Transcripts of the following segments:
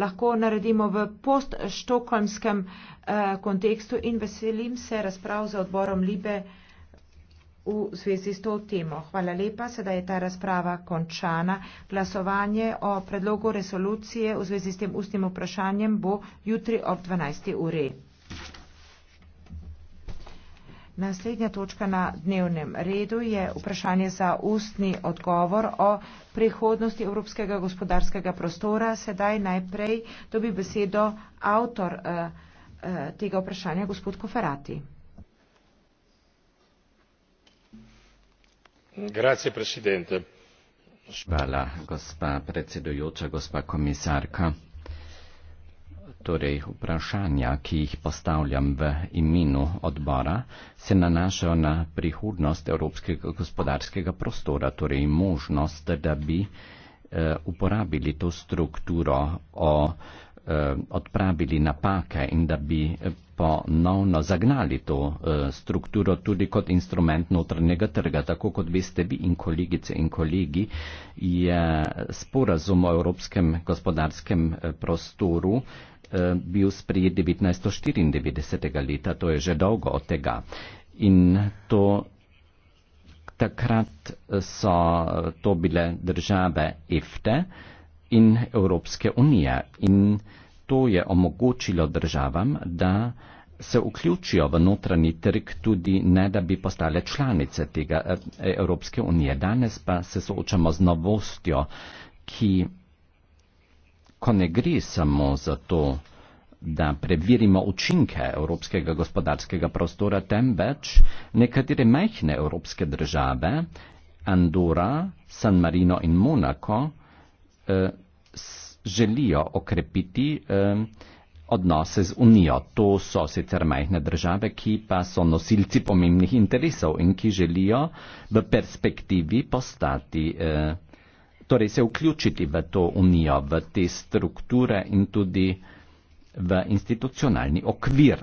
lahko naredimo v poststokholmskem eh, kontekstu in veselim se razprav za odborom Libe v zvezi s to temo. Hvala lepa, sedaj je ta razprava končana. Glasovanje o predlogu resolucije v zvezi s tem ustnim vprašanjem bo jutri ob 12. uri. Naslednja točka na dnevnem redu je vprašanje za ustni odgovor o prihodnosti evropskega gospodarskega prostora. Sedaj najprej dobi besedo avtor uh, uh, tega vprašanja, gospod Koferati. Grazie, predsedujoča, gospa komisarka torej vprašanja, ki jih postavljam v imenu odbora, se nanašajo na prihodnost evropskega gospodarskega prostora, torej možnost, da bi eh, uporabili to strukturo, o, eh, odpravili napake in da bi eh, ponovno zagnali to eh, strukturo tudi kot instrument notranjega trga. Tako kot veste vi in kolegice in kolegi, je sporazum o evropskem gospodarskem eh, prostoru Eh, bil sprejet 1994. leta, to je že dolgo od tega. In to takrat eh, so eh, to bile države EFTE in Evropske unije. In to je omogočilo državam, da se vključijo v notranji trg tudi ne, da bi postale članice tega Evropske unije. Danes pa se soočamo z novostjo, ki ko ne gre samo za to, da preverimo učinke evropskega gospodarskega prostora, temveč nekatere majhne evropske države, Andora, San Marino in Monako, eh, želijo okrepiti eh, odnose z Unijo. To so sicer majhne države, ki pa so nosilci pomembnih interesov in ki želijo v perspektivi postati. Eh, torej se vključiti v to unijo, v te strukture in tudi v institucionalni okvir.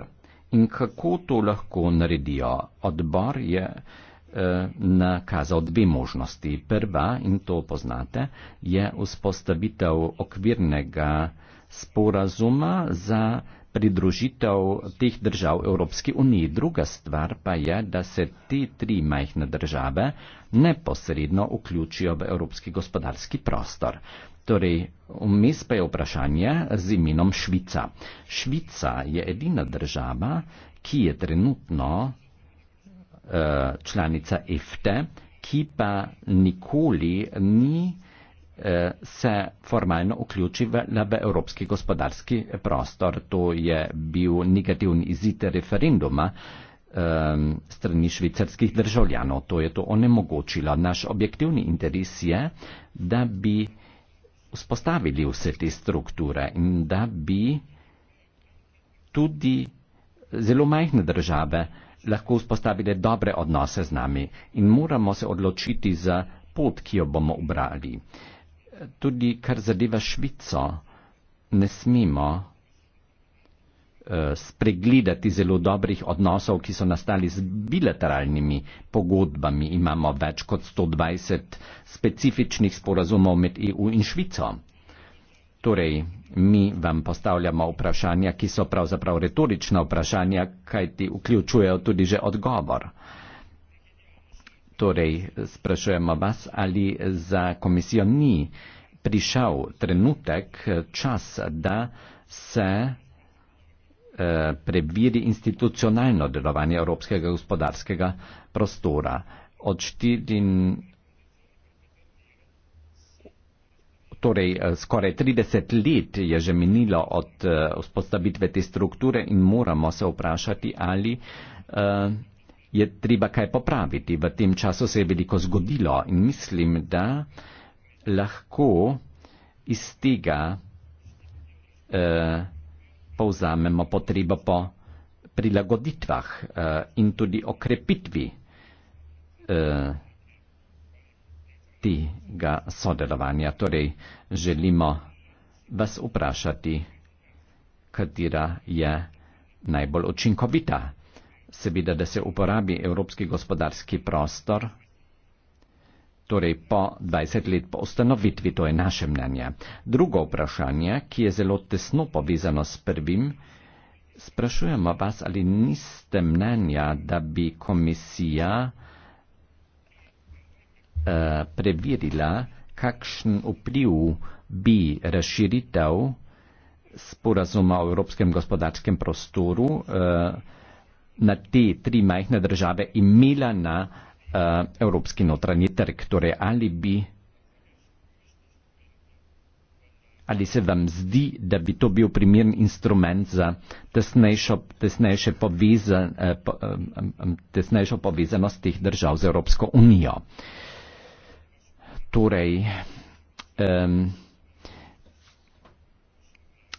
In kako to lahko naredijo? Odbor je eh, nakazal dve možnosti. Prva, in to poznate, je vzpostavitev okvirnega sporazuma za pridružitev teh držav Evropski uniji. Druga stvar pa je, da se te tri majhne države neposredno vključijo v evropski gospodarski prostor. Torej, vmes pa je vprašanje z imenom Švica. Švica je edina država, ki je trenutno eh, članica EFTE, ki pa nikoli ni. Eh, se formalno vključi v LB Evropski gospodarski prostor. To je bil negativni izid referenduma ehm, strani švicarskih državljanov. To je to onemogočilo. Naš objektivni interes je, da bi vzpostavili vse te strukture in da bi tudi zelo majhne države lahko vzpostavile dobre odnose z nami in moramo se odločiti za pot, ki jo bomo ubrali. Uh, tudi kar zadeva Švico, ne smemo eh, spregledati zelo dobrih odnosov, ki so nastali z bilateralnimi pogodbami. Imamo več kot 120 specifičnih sporazumov med EU in Švico. Torej, mi vam postavljamo vprašanja, ki so pravzaprav retorična vprašanja, kajti vključujejo tudi že odgovor. Uh, Torej, sprašujemo vas, ali za komisijo ni prišel trenutek, čas, da se eh, previri institucionalno delovanje evropskega gospodarskega prostora. Od 4, torej eh, skoraj 30 let je že minilo od eh, vzpostavitve te strukture in moramo se vprašati, ali je treba kaj popraviti. V tem času se je veliko zgodilo in mislim, da lahko iz tega eh, povzamemo potrebo po prilagoditvah eh, in tudi okrepitvi eh, tega sodelovanja. Torej, želimo vas vprašati, katera je najbolj učinkovita seveda, da se uporabi evropski gospodarski prostor, torej po 20 let po ustanovitvi, to je naše mnenje. Drugo vprašanje, ki je zelo tesno povezano s prvim, sprašujemo vas, ali niste mnenja, da bi komisija eh, preverila, kakšen vpliv bi razširitev sporazuma o evropskem gospodarskem prostoru eh, na te tri majhne države imela na uh, evropski notranji trg. Torej, ali bi. Ali se vam zdi, da bi to bil primern instrument za tesnejšo, tesnejšo, povezan, eh, po, eh, tesnejšo povezanost teh držav z Evropsko unijo? Torej, um,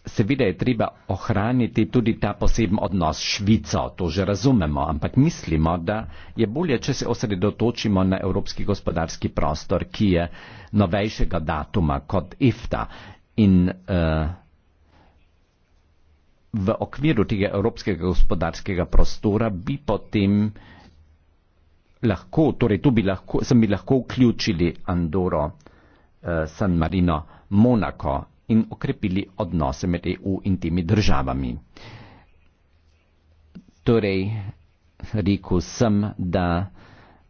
seveda je treba ohraniti tudi ta poseben odnos s Švico, to že razumemo, ampak mislimo, da je bolje, če se osredotočimo na evropski gospodarski prostor, ki je novejšega datuma kot IFTA. In uh, v okviru tega evropskega gospodarskega prostora bi potem lahko, torej tu bi lahko, sem bi lahko vključili Andoro, uh, San Marino, Monako in okrepili odnose med EU in temi državami. Torej, rekel sem, da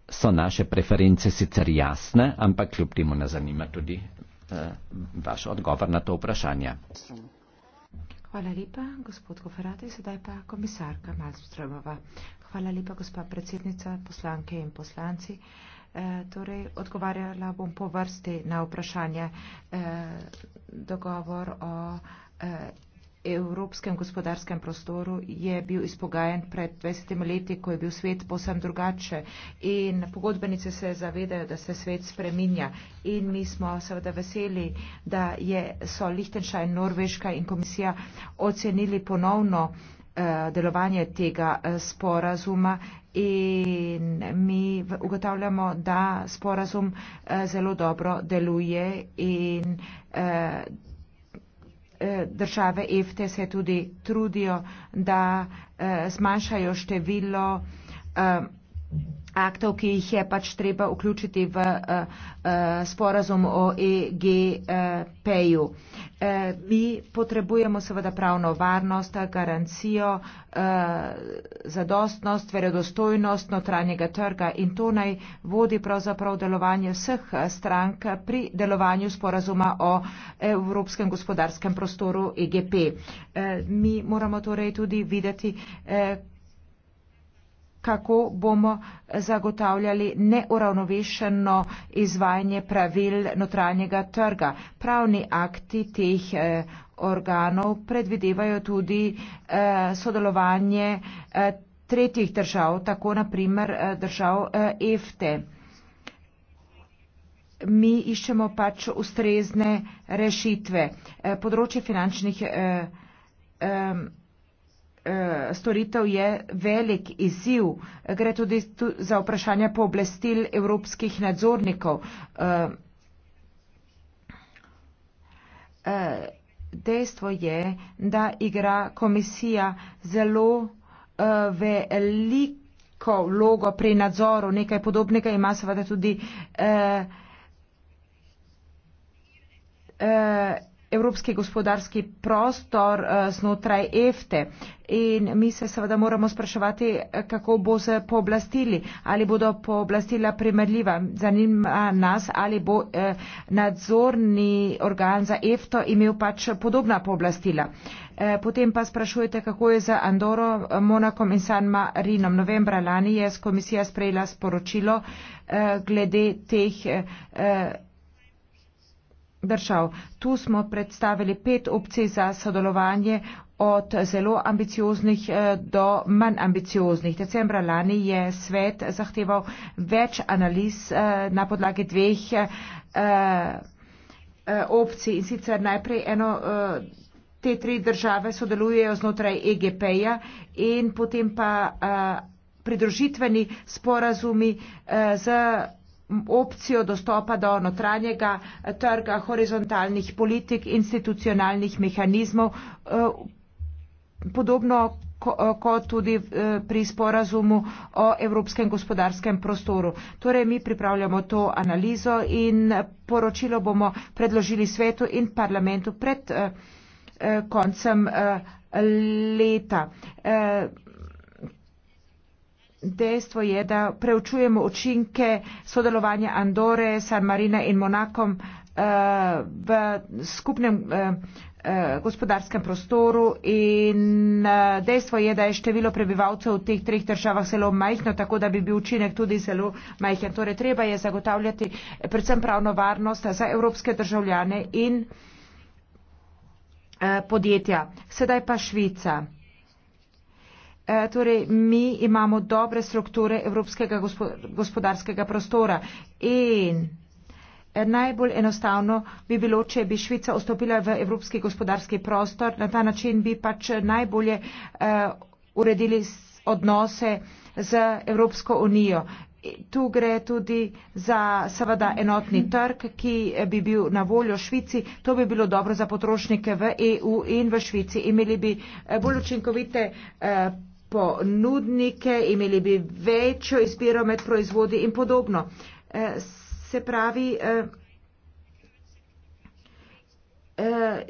so naše preference sicer jasne, ampak kljub temu nas zanima tudi eh, vaš odgovor na to vprašanje. Hvala lepa, gospod Koferati, sedaj pa komisarka Malstromova. Hvala lepa, gospa predsednica, poslanke in poslanci. Eh, torej, odgovarjala bom po vrsti na vprašanje eh, dogovor o eh, evropskem gospodarskem prostoru je bil izpogajen pred 20 leti, ko je bil svet posem drugače in pogodbenice se zavedajo, da se svet spreminja in mi smo seveda veseli, da je, so Lichtenstein, Norveška in komisija ocenili ponovno delovanje tega sporazuma, in mi ugotavljamo, da sporazum eh, zelo dobro deluje in eh, eh, države EFTE se tudi trudijo, da zmanjšajo število aktov, ki jih je pač treba vključiti v eh, eh, sporazum o EGP-ju. Eh, mi potrebujemo seveda pravno varnost, garancijo, zadostnost, verodostojnost notranjega trga in to naj vodi pravzaprav delovanje vseh strank pri delovanju sporazuma o Evropskem gospodarskem prostoru EGP. Mi moramo torej tudi videti, kako bomo zagotavljali neuravnovešeno izvajanje pravil notranjega trga. Pravni akti teh eh, organov predvidevajo tudi eh, sodelovanje eh, tretjih držav, tako naprimer držav EFTE. Mi iščemo pač ustrezne rešitve. Področje finančnih Eh, storitev je velik izziv. Gre tudi za vprašanje pooblastil evropskih nadzornikov. Eh, eh, dejstvo je, da igra komisija zelo veliko vlogo pri nadzoru. Nekaj podobnega ima seveda tudi evropski gospodarski prostor eh, znotraj EFTE. In mi se seveda moramo spraševati, eh, kako bo z pooblastili, ali bodo pooblastila primerljiva. Zanima nas, ali bo eh, nadzorni organ za EFTO imel pač podobna pooblastila. Potem pa sprašujete, kako je za Andoro, Monakom in San Marinom. Novembra lani je komisija sprejela sporočilo glede teh držav. Tu smo predstavili pet opcij za sodelovanje od zelo ambicioznih eh, do manj ambicioznih. Decembra lani je svet zahteval več analiz eh, na podlagi dveh eh, opcij in sicer najprej eno. Te tri države sodelujejo znotraj EGP-ja in potem pa a, pridružitveni sporazumi a, z opcijo dostopa do notranjega eh, trga, horizontalnih politik, institucionalnih mehanizmov, eh, podobno eh, kot tudi pri sporazumu o evropskem gospodarskem prostoru. Torej, mi pripravljamo to analizo in poročilo bomo predložili svetu in parlamentu pred koncem leta. Dejstvo je, da preučujemo učinke sodelovanja Andore, San Marina in Monakom uh, eh, v skupnem uh, uh, gospodarskem prostoru in uh, dejstvo je, da je število prebivalcev v teh treh državah zelo majhno, tako da bi bil učinek tudi zelo majhen. Torej, treba je zagotavljati predvsem pravno varnost za evropske državljane in uh, podjetja. Sedaj pa Švica. Eh, torej mi imamo dobre strukture evropskega gospodarskega prostora in eh, najbolj enostavno bi bilo, če bi Švica vstopila v evropski gospodarski prostor, na ta način bi pač najbolje eh, uredili odnose z Evropsko unijo. Tu gre tudi za seveda enotni trg, ki bi bil na voljo Švici. To bi bilo dobro za potrošnike v EU in v Švici. Imeli bi bolj učinkovite eh, ponudnike, imeli bi večjo izbiro med proizvodi in podobno. Eh, se pravi, eh, eh,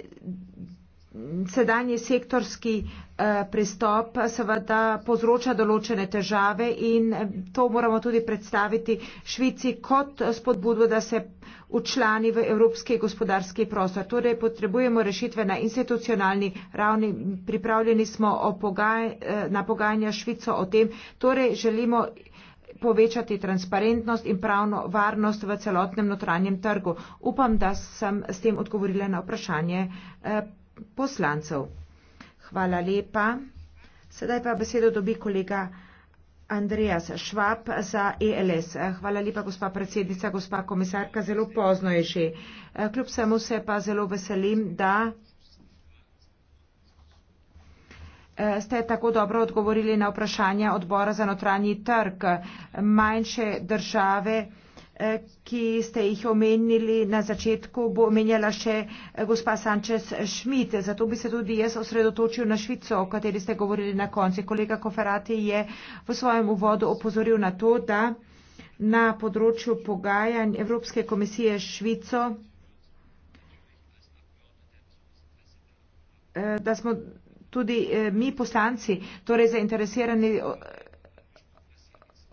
sedanji sektorski eh, pristop seveda povzroča določene težave in eh, to moramo tudi predstaviti Švici kot spodbudo, da se učlani v evropski gospodarski prostor. Torej potrebujemo rešitve na institucionalni ravni, pripravljeni smo pogaj, eh, na pogajanja Švico o tem, torej želimo povečati transparentnost in pravno varnost v celotnem notranjem trgu. Upam, da sem s tem odgovorila na vprašanje poslancev. Hvala lepa. Sedaj pa besedo dobi kolega Andreas Švab za ELS. Hvala lepa, gospa predsednica, gospa komisarka, zelo pozno je že. Kljub vsemu se pa zelo veselim, da eh, ste tako dobro odgovorili na vprašanja odbora za notranji trg. Manjše države ki ste jih omenili na začetku, bo omenjala še eh, gospa Sančez Šmit. Zato bi se tudi jaz osredotočil na Švico, o kateri ste govorili na konci. Kolega Koferati je v svojem uvodu opozoril na to, da na področju pogajanj Evropske komisije Švico, eh, da smo tudi eh, mi poslanci, torej zainteresirani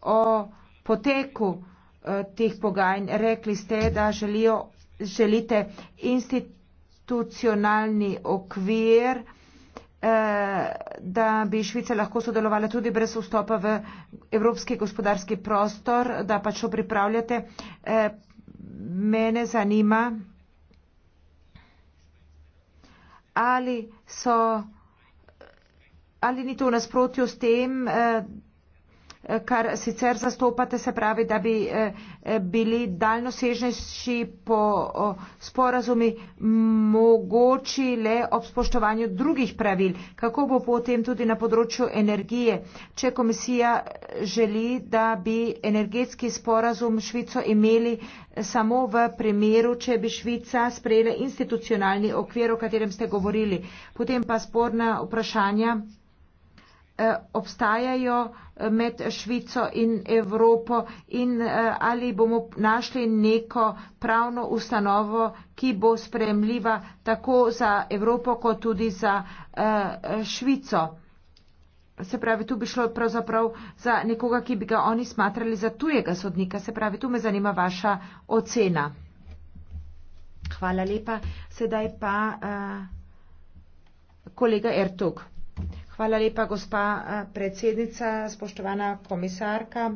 o poteku teh pogajanj. Rekli ste, da želijo, želite institucionalni okvir, eh, da bi Švica lahko sodelovala tudi brez vstopa v evropski gospodarski prostor, da pač to pripravljate. Eh, mene zanima, ali so, ali ni to v nasprotju s tem, eh, kar sicer zastopate, se pravi, da bi eh, eh, bili daljnosežnejši po sporazumi mogoči le ob spoštovanju drugih pravil. Kako bo potem tudi na področju energije, če komisija eh, želi, da bi energetski sporazum Švico imeli samo v primeru, če bi Švica sprejela institucionalni okvir, o katerem ste govorili. Potem pa sporna vprašanja. Eh, obstajajo eh, med Švico in Evropo in eh, ali bomo našli neko pravno ustanovo, ki bo spremljiva tako za Evropo, kot tudi za Švico. Se pravi, tu bi šlo pravzaprav za nekoga, ki bi ga oni smatrali za tujega sodnika. Se pravi, tu me zanima vaša ocena. Hvala lepa. Sedaj pa uh, kolega Ertug. Hvala lepa, gospa eh, predsednica, spoštovana komisarka.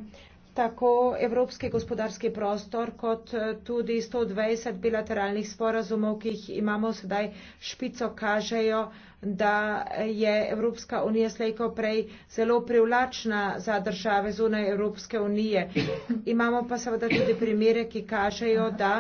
Tako evropski gospodarski prostor kot eh, tudi 120 bilateralnih sporazumov, ki jih imamo sedaj špico, kažejo, da eh, je Evropska unija slejko prej zelo privlačna za države zunaj Evropske unije. Imamo pa seveda tudi primere, ki kažejo, da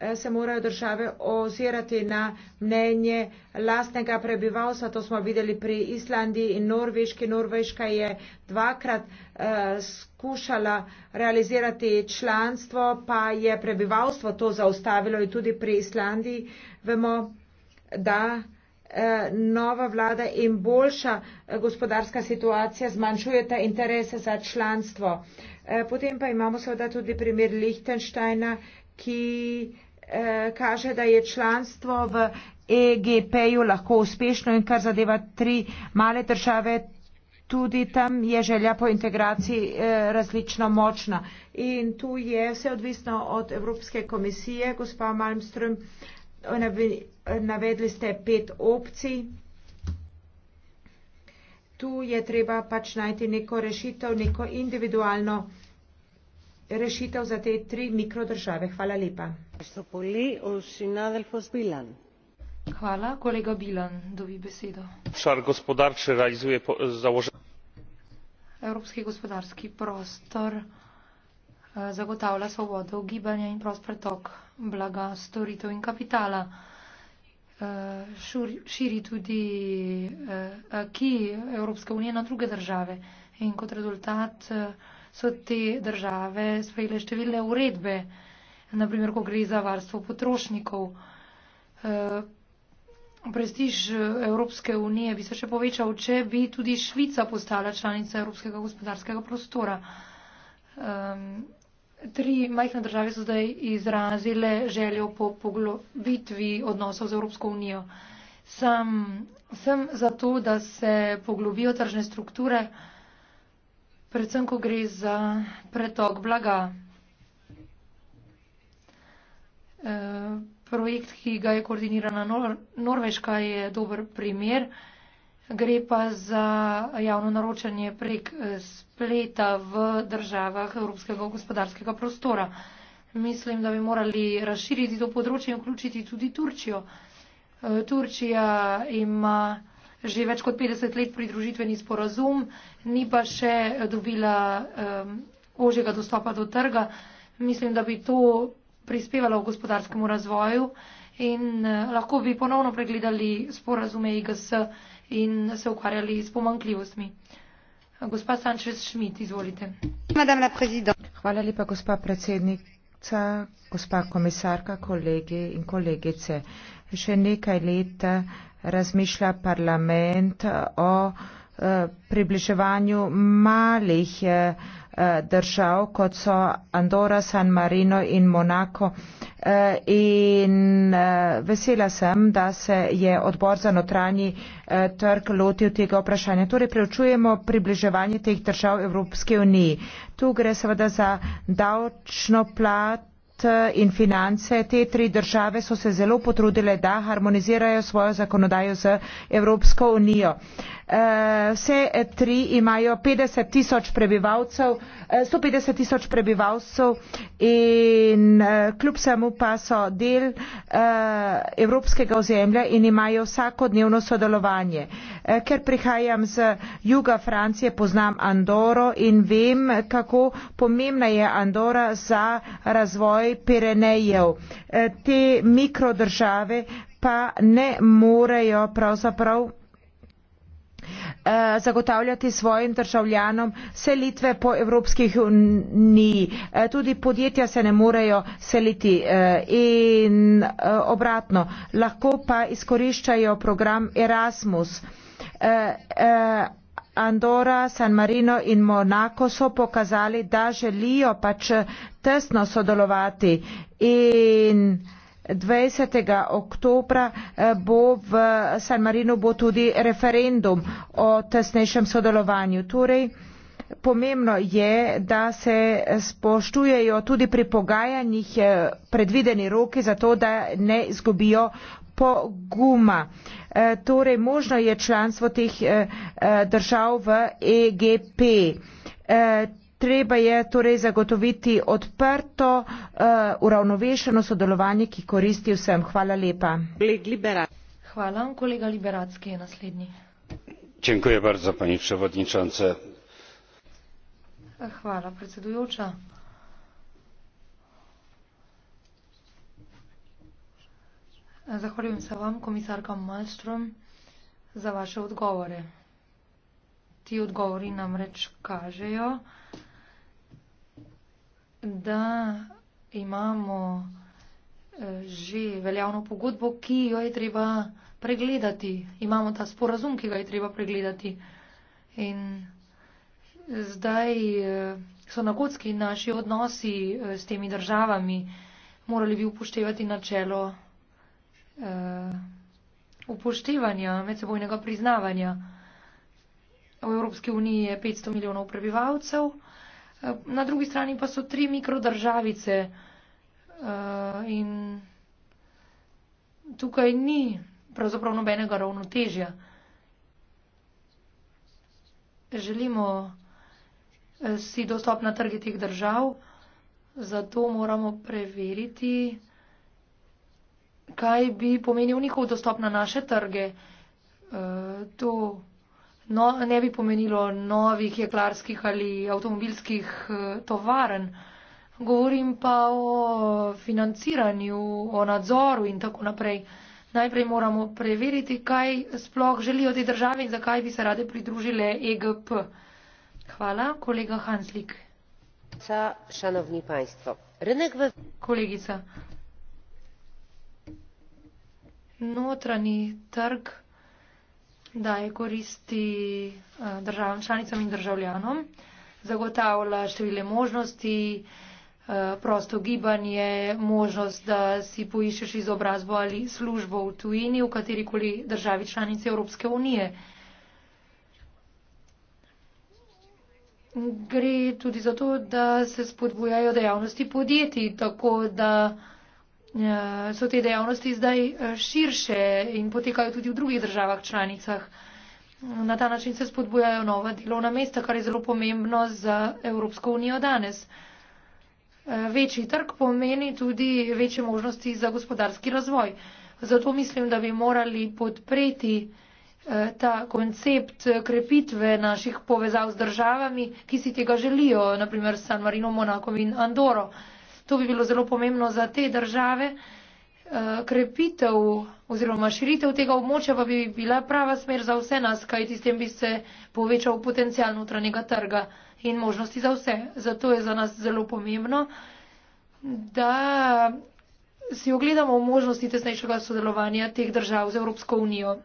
Eh, se morajo države ozirati na mnenje lastnega prebivalstva. To smo videli pri Islandiji in Norveški. Norveška je dvakrat eh, skušala realizirati članstvo, pa je prebivalstvo to zaustavilo in tudi pri Islandiji. Vemo, da eh, nova vlada in boljša eh, gospodarska situacija zmanjšujeta interese za članstvo. Eh, potem pa imamo seveda tudi primer Lihtenštajna, ki eh, kaže, da je članstvo v EGP-ju lahko uspešno in kar zadeva tri male države, tudi tam je želja po integraciji eh, različno močna. In tu je vse odvisno od Evropske komisije, gospa Malmström, navedli ste pet opcij. Tu je treba pač najti neko rešitev, neko individualno rešitev rešitev za te tri mikrodržave. Hvala lepa. Hvala, kolega Bilan, dobi besedo. Evropski gospodarski prostor e, zagotavlja svobodo gibanja in prost pretok blaga, storitev in kapitala. E, širi tudi e, ki Evropske unije na druge države in kot rezultat so te države sprejele številne uredbe, naprimer, ko gre za varstvo potrošnikov. Eh, prestiž eh, Evropske unije bi se še povečal, če bi tudi Švica postala članica Evropskega gospodarskega prostora. Ehm, tri majhne države so zdaj izrazile željo po poglobitvi odnosov z Evropsko unijo. Sam sem zato, da se poglobijo tržne strukture, predvsem ko gre za pretok blaga. E, projekt, ki ga je koordinirana Nor Norveška, je dober primer. Gre pa za javno naročanje prek e, spleta v državah Evropskega gospodarskega prostora. Mislim, da bi morali razširiti to področje in vključiti tudi Turčijo. E, Turčija ima že več kot 50 let pridružitveni sporazum, ni pa še dobila um, ožjega dostopa do trga. Mislim, da bi to prispevalo v gospodarskemu razvoju in uh, lahko bi ponovno pregledali sporazume IGS in se ukvarjali s pomankljivostmi. Gospa Sančez Šmit, izvolite. Hvala lepa, gospa predsednik predsednica, gospa komisarka, kolegi in kolegice. Še nekaj let razmišlja parlament o eh, približevanju malih eh, Eh, držav, kot so Andora, San Marino in Monako. Eh, in eh, vesela sem, da se je odbor za notranji trg lotil tega vprašanja. Torej, preučujemo približevanje teh držav Evropske unije. Tu gre seveda za davčno plat Eh, in finance te tri države so se zelo potrudile, da harmonizirajo svojo zakonodajo z Evropsko unijo. Eh, vse tri imajo 50 tisoč prebivalcev, 150 eh, tisoč prebivalcev in kljub samo pa so del evropskega ozemlja in imajo vsakodnevno sodelovanje. Eh, ker prihajam z juga Francije, poznam Andoro in vem, kako pomembna je Andora za razvoj Pirenejev. Eh, te mikrodržave pa ne morejo pravzaprav eh, zagotavljati svojim državljanom selitve po Evropskih uniji. Tudi podjetja se ne morejo seliti in obratno. Lahko pa izkoriščajo program Erasmus eh, eh, Andora, San Marino in Monako so pokazali, da želijo pač tesno sodelovati in 20. oktobra eh, bo v San Marinu bo tudi referendum o tesnejšem sodelovanju. Torej, pomembno je, da se spoštujejo tudi pri pogajanjih eh, predvideni roki za to, da ne izgubijo poguma. E, torej, možno je članstvo teh e, e držav v EGP. E, treba je torej zagotoviti odprto, e, uravnovešeno sodelovanje, ki koristi vsem. Hvala lepa. Hvala. Kolega Liberacki je naslednji. Dziękuję bardzo, pani przewodnicząca. Hvala, predsedujoča. Zahvaljujem se vam, komisarka Malmström, za vaše odgovore. Ti odgovori namreč kažejo, da imamo eh, že veljavno pogodbo, ki jo je treba pregledati. Imamo ta sporazum, ki ga je treba pregledati. In eh, zdaj eh, so na kocki naši odnosi s temi državami. Morali bi upoštevati načelo eh, upoštevanja, medsebojnega priznavanja. V Evropski uniji je 500 milijonov prebivalcev, eh, na drugi strani pa so tri mikrodržavice eh, in tukaj ni pravzaprav nobenega ravnotežja. Želimo eh, si dostop na trge teh držav, zato moramo preveriti, kaj bi pomenil njihov dostop na naše trge. E, to no, ne bi pomenilo novih jeklarskih ali avtomobilskih e, tovaren. Govorim pa o financiranju, o nadzoru in tako naprej. Najprej moramo preveriti, kaj sploh želijo te države in zakaj bi se rade pridružile EGP. Hvala, kolega Hanslik. Kolegica, notranji trg daje koristi eh, državam članicam in državljanom, zagotavlja številne možnosti, eh, prosto gibanje, možnost, da si poiščeš izobrazbo ali službo v tujini, v katerikoli državi članici Evropske unije. Gre tudi za to, da se spodbujajo dejavnosti podjetij, tako da Ja, so te dejavnosti zdaj eh, širše in potekajo tudi v drugih državah članicah. Na ta način se spodbujajo nova delovna mesta, kar je zelo pomembno za Evropsko unijo danes. Eh, večji trg pomeni tudi večje možnosti za gospodarski razvoj. Zato mislim, da bi morali podpreti eh, ta koncept krepitve naših povezav z državami, ki si tega želijo, naprimer San Marino, Monako in Andoro. To bi bilo zelo pomembno za te države. Eh, krepitev oziroma širitev tega območja pa bi bila prava smer za vse nas, kajti s tem bi se povečal potencial notranjega trga in možnosti za vse. Zato je za nas zelo pomembno, da si ogledamo možnosti tesnejšega sodelovanja teh držav z Evropsko unijo.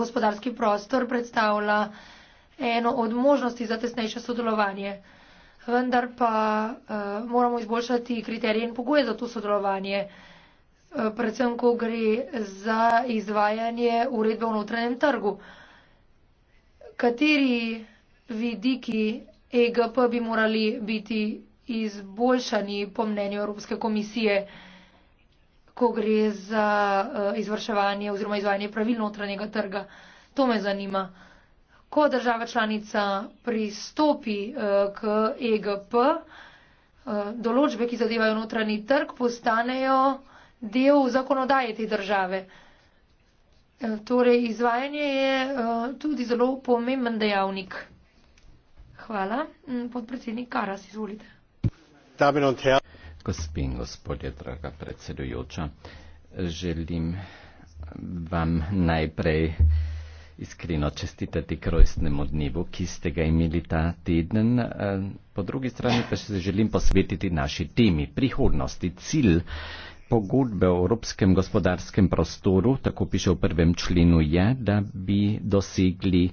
Gospodarski prostor predstavlja eno od možnosti za tesnejše sodelovanje vendar pa uh, moramo izboljšati kriterije in pogoje za to sodelovanje, uh, predvsem, ko gre za izvajanje uredbe v notranjem trgu. Kateri vidiki EGP bi morali biti izboljšani po mnenju Evropske komisije, ko gre za uh, izvrševanje oziroma izvajanje pravil notranjega trga? To me zanima ko država članica pristopi eh, k EGP, eh, določbe, ki zadevajo notranji trg, postanejo del zakonodaje te države. Eh, torej, izvajanje je tudi zelo pomemben dejavnik. Hvala. Mm, podpredsednik Karas, izvolite. Gospi in gospodje, draga predsedujoča, želim vam najprej iskreno čestitati k rojstnemu dnevu, ki ste ga imeli ta teden. Eh, po drugi strani pa se želim posvetiti naši temi prihodnosti, cilj pogodbe o evropskem gospodarskem prostoru, tako piše v prvem členu, je, da bi dosegli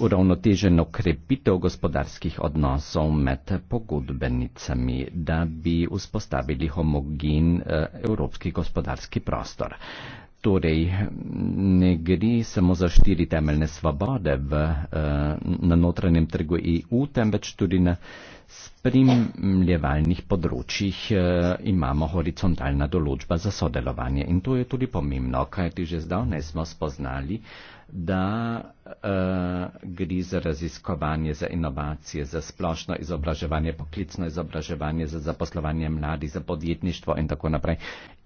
uravnoteženo krepitev gospodarskih odnosov med pogodbenicami, da bi vzpostavili homogen eh, evropski gospodarski prostor. Torej, ne gre samo za štiri temeljne svobode v, eh, na notranjem trgu EU, temveč tudi na spremljevalnih področjih eh, imamo horizontalna določba za sodelovanje. In to je tudi pomembno, kajti že zdavne smo spoznali, da uh, gre za raziskovanje, za inovacije, za splošno izobraževanje, poklicno izobraževanje, za zaposlovanje mladih, za podjetništvo in tako naprej.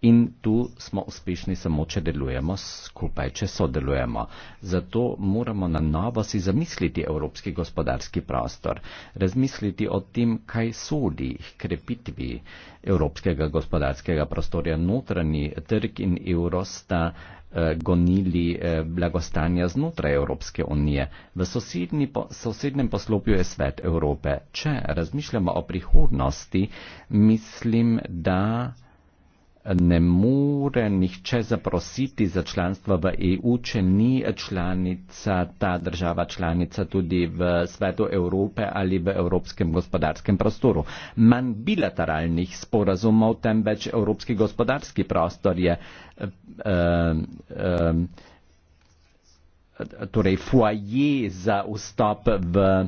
In tu smo uspešni samo, če delujemo skupaj, če sodelujemo. Zato moramo na novo si zamisliti evropski gospodarski prostor, razmisliti o tem, kaj sodi krepitvi uh, evropskega gospodarskega prostora. Notranji trg in evro sta eh, gonili eh, blagostanja znotraj Evropske unije. V sosednji, sosednjem poslopju je svet Evrope. Če razmišljamo o prihodnosti, mislim, da ne more nihče zaprositi za članstvo v EU, če ni članica ta država članica tudi v svetu Evrope ali v evropskem gospodarskem prostoru. Manj bilateralnih sporazumov, temveč evropski gospodarski prostor je. Eh, eh, torej foaje za vstop v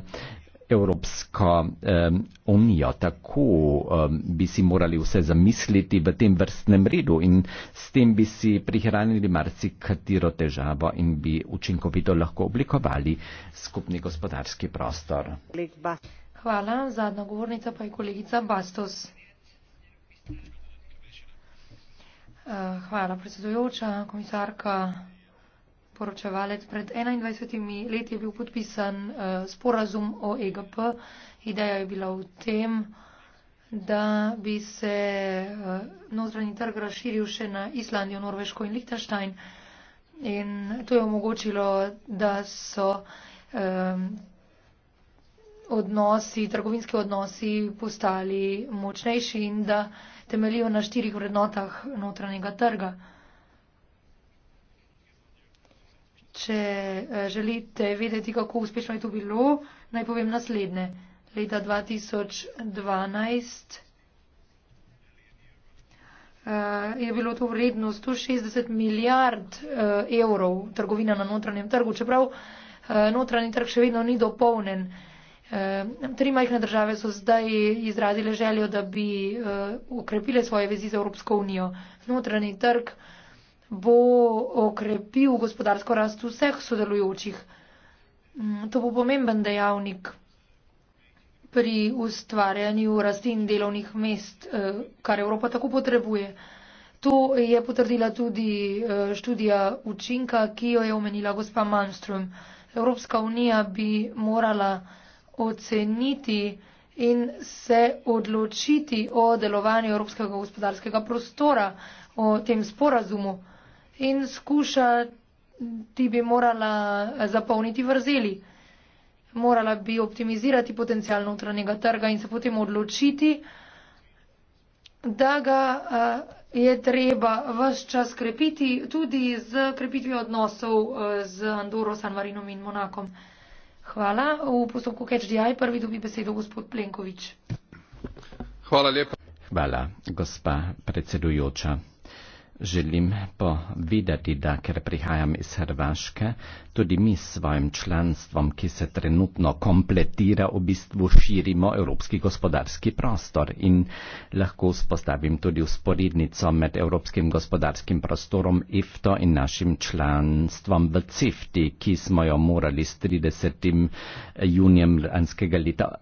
Evropska um, unija tako um, bi si morali vse zamisliti v tem vrstnem redu in s tem bi si prihranili marsikatero težavo in bi učinkovito lahko oblikovali skupni gospodarski prostor. Hvala. Zadnja govornica pa je kolegica Bastos. Eh, hvala, predsedujoča, komisarka poročevalec, pred 21 leti je bil podpisan uh, sporazum o EGP. Ideja je bila v tem, da bi se uh, notranji trg razširil še na Islandijo, Norveško in Lichtenstein. In to je omogočilo, da so um, odnosi, trgovinski odnosi postali močnejši in da temeljijo na štirih vrednotah notranjega trga. Če eh, želite vedeti, kako uspešno je to bilo, naj povem naslednje. Leta 2012 eh, je bilo to vredno 160 milijard eh, evrov trgovina na notranjem trgu, čeprav notranji trg še vedno ni dopolnen. Tri majhne države so zdaj izrazile željo, da bi ukrepile svoje vezi z Evropsko unijo. Notranji trg bo okrepil gospodarsko rast vseh sodelujočih. Mm, to bo pomemben dejavnik pri ustvarjanju rasti in delovnih mest, eh, kar Evropa tako potrebuje. To je potrdila tudi eh, študija učinka, ki jo je omenila gospa Malmström. Evropska unija bi morala oceniti in se odločiti o delovanju Evropskega gospodarskega prostora, o tem sporazumu in skuša, ti bi morala eh, zapolniti vrzeli. Morala bi optimizirati potencijal notranjega trga in se potem odločiti, da ga eh, je treba vse čas krepiti, tudi z krepitvijo odnosov eh, z Andoro, San Marinom in Monakom. Hvala. V postopku HDI prvi dobi besedo gospod Plenkovič. Hvala lepa. Hvala, gospa predsedujoča. Želim pa videti, da ker prihajam iz Hrvaške, tudi mi s svojim članstvom, ki se trenutno kompletira, v bistvu širimo evropski gospodarski prostor in lahko spostavim tudi usporednico med evropskim gospodarskim prostorom IFTO in našim članstvom v CIFTI, ki smo jo morali s 30. junijem lanskega leta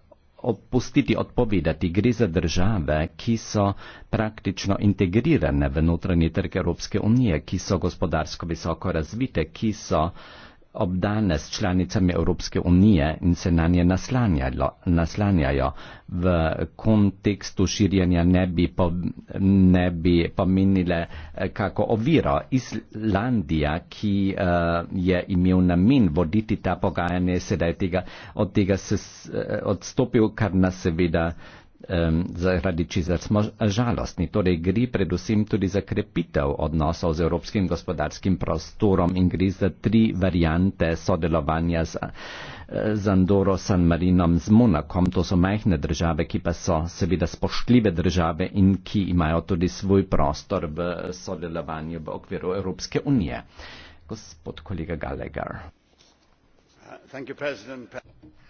opustiti odpovedati. Gre za države, ki so praktično integrirane v notranji trg Evropske unije, ki so gospodarsko visoko razvite, ki so uh, obdane s članicami Evropske unije in se na nje naslanjajo. V kontekstu širjenja ne bi, po, ne bi pomenile eh, kako oviro. Islandija, ki uh, je imel namen voditi ta pogajanje, sedaj tega, od tega se uh, odstopil, kar nas seveda um, zaradi čizer smo žalostni. Torej gre predvsem tudi za krepitev odnosov z evropskim gospodarskim prostorom in gre za tri variante sodelovanja z, eh, z Andoro, San Marinom, z Monakom. To so majhne države, ki pa so seveda spoštljive države in ki imajo tudi svoj prostor v sodelovanju v okviru Evropske unije. Gospod kolega Gallagher.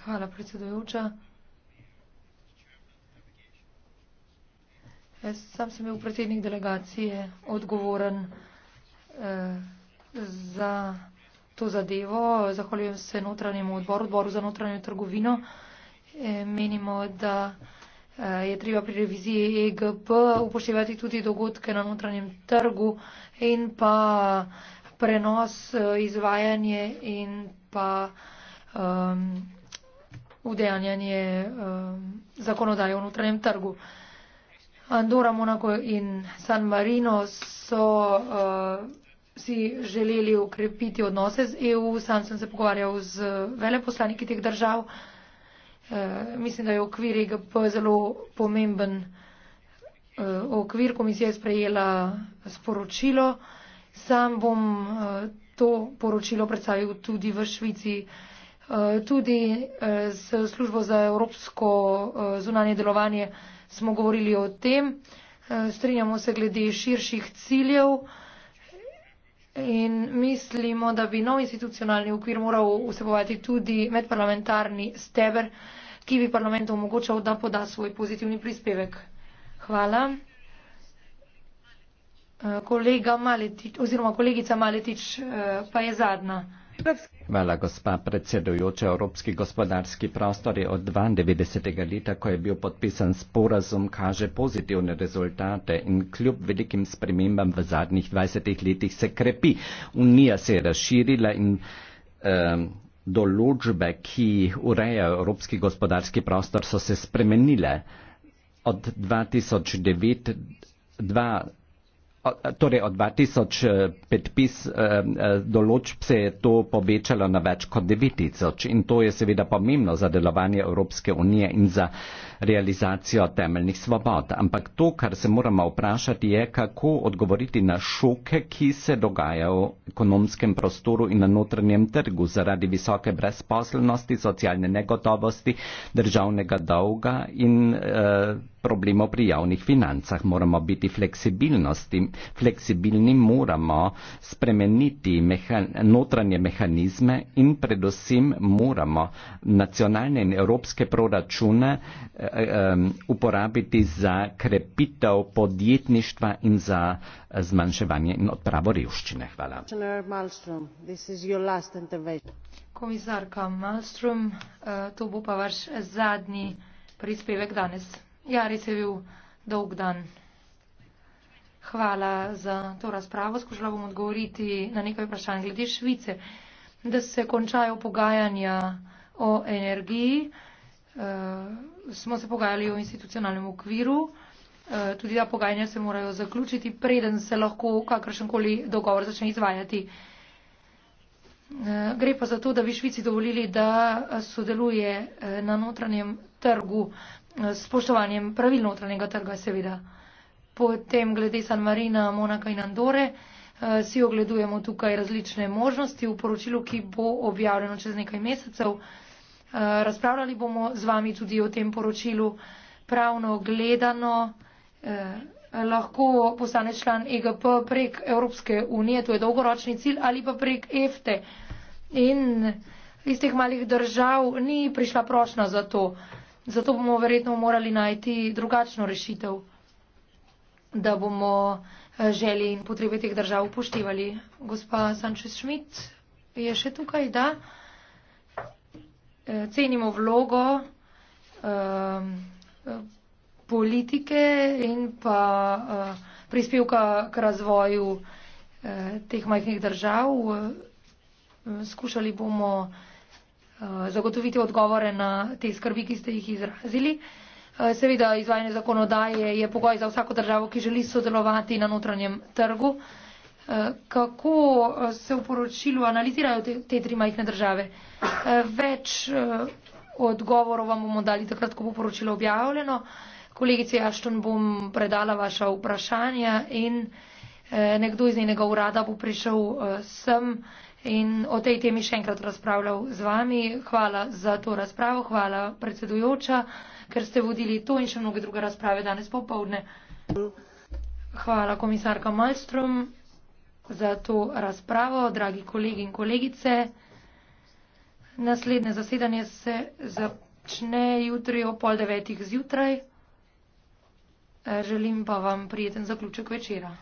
Hvala predsedujoča. Jaz sam sem bil predsednik delegacije odgovoren eh, za to zadevo. Zahvaljujem se notranjemu odboru, odboru za notranjo trgovino. Eh, menimo, da eh, je treba pri reviziji EGP upoštevati tudi dogodke na notranjem trgu in pa prenos, eh, izvajanje in pa eh, udejanjanje eh, zakonodaje o notranjem trgu. Eh, Andora, Monako in San Marino so uh, si želeli ukrepiti odnose z EU. Sam sem se pogovarjal z veleposlaniki teh držav. Uh, mislim, da je okvir EGP zelo pomemben. Uh, okvir komisije je sprejela sporočilo. Sam bom uh, to poročilo predstavil tudi v Švici. Uh, tudi uh, s službo za evropsko uh, zunanje delovanje uh, smo govorili o tem, eh, strinjamo se glede širših ciljev in mislimo, da bi nov institucionalni ukvir moral vsebovati tudi medparlamentarni steber, ki bi parlamentu omogočal, da poda svoj pozitivni prispevek. Hvala. Eh, kolega Maletič, oziroma kolegica Maletič eh, pa je zadnja. Hvala, gospa predsedujoča. Evropski gospodarski prostor je od 92. leta, ko je bil podpisan sporazum, kaže pozitivne rezultate in kljub velikim spremembam v zadnjih 20 letih se krepi. Unija se je razširila in. Um, Določbe, ki urejajo evropski gospodarski prostor, so se spremenile. Od 2009 do 2020 torej od 2005 eh, pis eh, eh, določb se je to povečalo na več kot 9000 in to je seveda pomembno za delovanje Evropske unije in za realizacijo temeljnih svobod. Ampak to, kar se moramo vprašati, je, kako odgovoriti na šoke, ki se dogajajo v ekonomskem prostoru in na notranjem trgu zaradi visoke brezposelnosti, socialne negotovosti, državnega dolga in. Eh, problemo pri javnih financah. Moramo biti fleksibilnosti, fleksibilni moramo spremeniti meha, notranje mehanizme in predvsem moramo nacionalne in evropske proračune eh, eh, uporabiti za krepitev podjetništva in za eh, zmanjševanje in odpravo revščine. Hvala. Komisarka Malmström, to bo pa vaš zadnji prispevek danes. Ja, res je bil dolg dan. Hvala za to razpravo. Skušala bom odgovoriti na nekaj vprašanj glede Švice. Da se končajo pogajanja o energiji, e, smo se pogajali o institucionalnem okviru. E, tudi ta pogajanja se morajo zaključiti, preden se lahko kakršenkoli dogovor začne izvajati. Eh, gre pa za to, da bi Švici dovolili, da eh, sodeluje eh, na notranjem trgu s spoštovanjem pravil notranjega trga, seveda. Potem glede San Marina, Monaka in Andore si ogledujemo tukaj različne možnosti v poročilu, ki bo objavljeno čez nekaj mesecev. Razpravljali bomo z vami tudi o tem poročilu pravno gledano lahko postane član EGP prek Evropske unije, to je dolgoročni cilj, ali pa prek EFTE. In iz teh malih držav ni prišla prošna za to. Zato bomo verjetno morali najti drugačno rešitev, da bomo eh, želje in potrebe teh držav upoštevali. Gospa Sanchez Schmidt je še tukaj, da eh, cenimo vlogo. Um, politike in pa uh, prispevka k razvoju uh, teh majhnih držav. Uh, skušali bomo uh, zagotoviti odgovore na te skrbi, ki ste jih izrazili. Uh, seveda, izvajanje zakonodaje je pogoj za vsako državo, ki želi sodelovati na notranjem trgu. Kako se v poročilu analizirajo te, te tri majhne države? Več odgovorov vam bomo dali takrat, ko bo poročilo objavljeno. Kolegici Ashton bom predala vaša vprašanja in eh, nekdo iz njenega urada bo prišel eh, sem in o tej temi še enkrat razpravljal z vami. Hvala za to razpravo, hvala predsedujoča, ker ste vodili to in še mnoge druge razprave danes popovdne. Hvala komisarka Malstrom za to razpravo, dragi kolegi in kolegice. Naslednje zasedanje se začne jutri o pol devetih zjutraj. Želim pa vam prijeten zaključek večera.